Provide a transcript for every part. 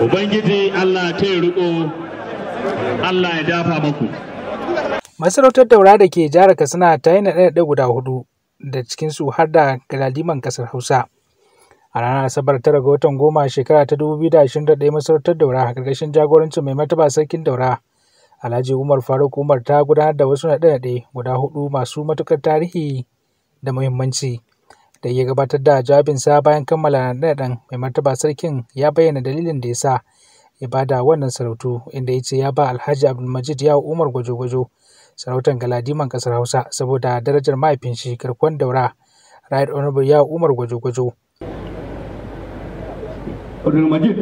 Ubangiji Allah ta yi riko, Allah ya dafa maku. Masarautar daura da ke jihar Katsina ta yi naɗe ɗaya guda hudu da cikinsu har da galadiman kasar Hausa. A ranar Asabar tara ga watan goma shekara ta dubu biyu da da ashirin ɗaya masarautar daura a ƙarƙashin jagorancin mai mataba sarkin daura. Alhaji Umar Faruk Umar ta gudanar da wasu naɗe-naɗe guda hudu masu matuƙar tarihi da muhimmanci. da ya gabatar da jawabinsa bayan kammala naɗin mai martaba sarkin ya bayyana dalilin da ya sa ya bada wannan sarautu inda ya ce ya ba alhaji abdulmajid yawo umar gwajo-gwajo sarautar galadiman kasar hausa saboda darajar mahaifin shi garkon daura right honorable yawo umar gwajo-gwajo abdulmajid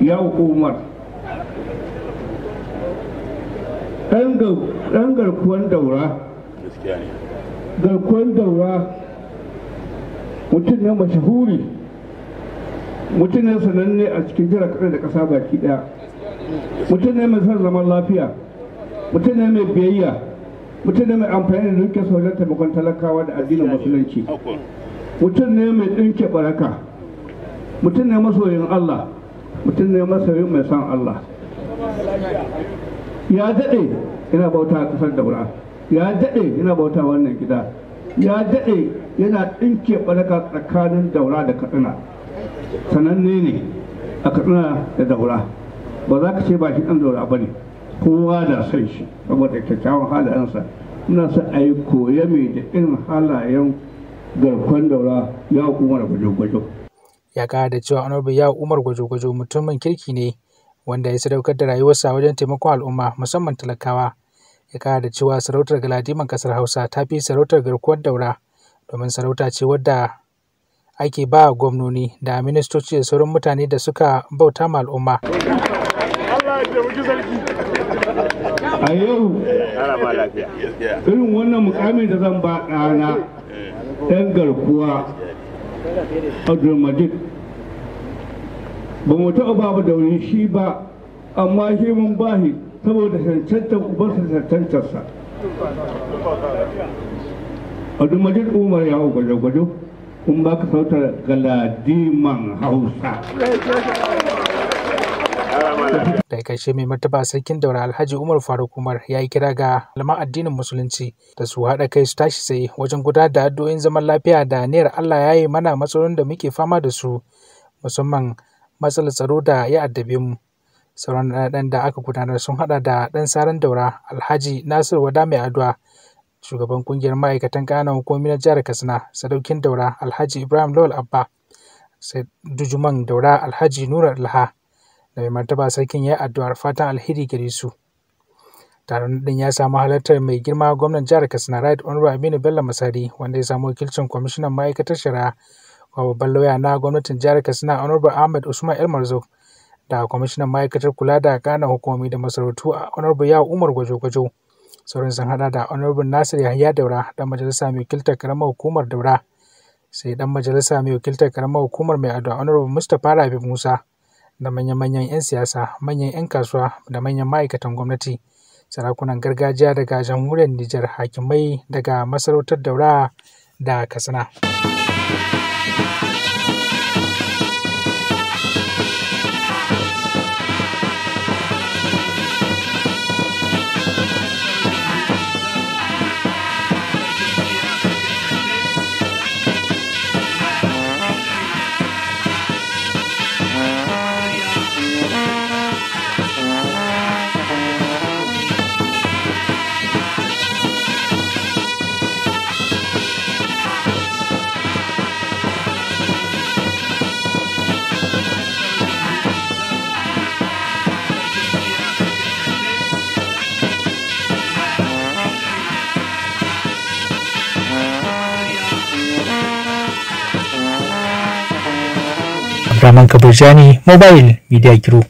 yawo umar ɗan garkuwan daura garkuwan daura mutum ne mashahuri mutum ne sananne a cikin jira kaɗai da ƙasa baki ɗaya mutum ne mai son zaman lafiya mutum ne mai biyayya mutum ne mai amfani da dukkan saurin taimakon talakawa da addinin musulunci mutum ne mai ɗinke baraka mutum ne masoyin Allah mutum ne masoyin mai son Allah ya daɗe ina bauta a ƙasar daura ya daɗe ina bauta wannan gida ya daɗe yana ɗinke balaka tsakanin daura da katsina sananne ne a katsina da daura ba za ka ce ba shi ɗan daura ba ne kowa da son shi saboda kyakkyawan halayensa ina sa a yi koya mai da irin halayen garkon daura ya umar gwajo-gwajo ya kara da cewa honorable ya umar gwajo-gwajo mutumin kirki ne wanda ya sadaukar da rayuwarsa wajen taimakon al'umma musamman talakawa ya kara da cewa sarautar galadiman kasar hausa ta fi sarautar garkuwar daura domin sarauta ce wadda ake ba gwamnoni da ministoci da sauran mutane da suka bauta ma al'umma a yau irin wannan mukamin da zan ba ɗana ɗan garkuwa abdulmajid ba mu taɓa babu da shi ba amma shi mun bahi saboda cancantar ubansa cancantarsa a dumajin umar ya gwaje-gwaje kun ba ka sautar galadiman hausa da karshe mai martaba sarkin daura alhaji umar faruk umar ya yi kira ga malaman addinin musulunci da su haɗa kai su tashi tsaye wajen gudanar da addu'o'in zaman lafiya da niyyar allah ya yi mana matsalolin da muke fama da su musamman matsalar tsaro da ya addabe mu Sauran ɗan da aka gudanar sun haɗa da ɗan saran daura Alhaji Nasiru Wada Mai adu'a shugaban ƙungiyar ma'aikatan ƙananan hukumomi na jihar Katsina, Sadaukin Daura Alhaji Ibrahim Lawal Abba, Dujuman Daura Alhaji Nura Alha, da mai martaba sarkin ya addu'ar fatan alheri gare su. Taron din ya samu halartar mai girma gwamnan jihar Katsina Right Honorable Aminu Bello Masari wanda ya samu wakilcin kwamishinan ma'aikatar shari'a kuma babban lauya na gwamnatin jihar Katsina Honorable Ahmed Usman El Marzuk da kwamishinan ma'aikatar kula da ƙananan hukumomi da masarautu a honorable yawo umar gwajo-gwajo sauran sun hada da honorable nasir Yahya daura dan majalisa mai wakiltar karamar hukumar daura sai dan majalisa mai wakiltar karamar hukumar mai ado honorable mustapha rabi musa da manyan-manyan 'yan siyasa manyan 'yan kasuwa da manyan ma'aikatan gwamnati sarakunan gargajiya daga jamhuriyar nijar hakimai daga masarautar daura da katsina. Rahman Kebujani, Mobile Media Group.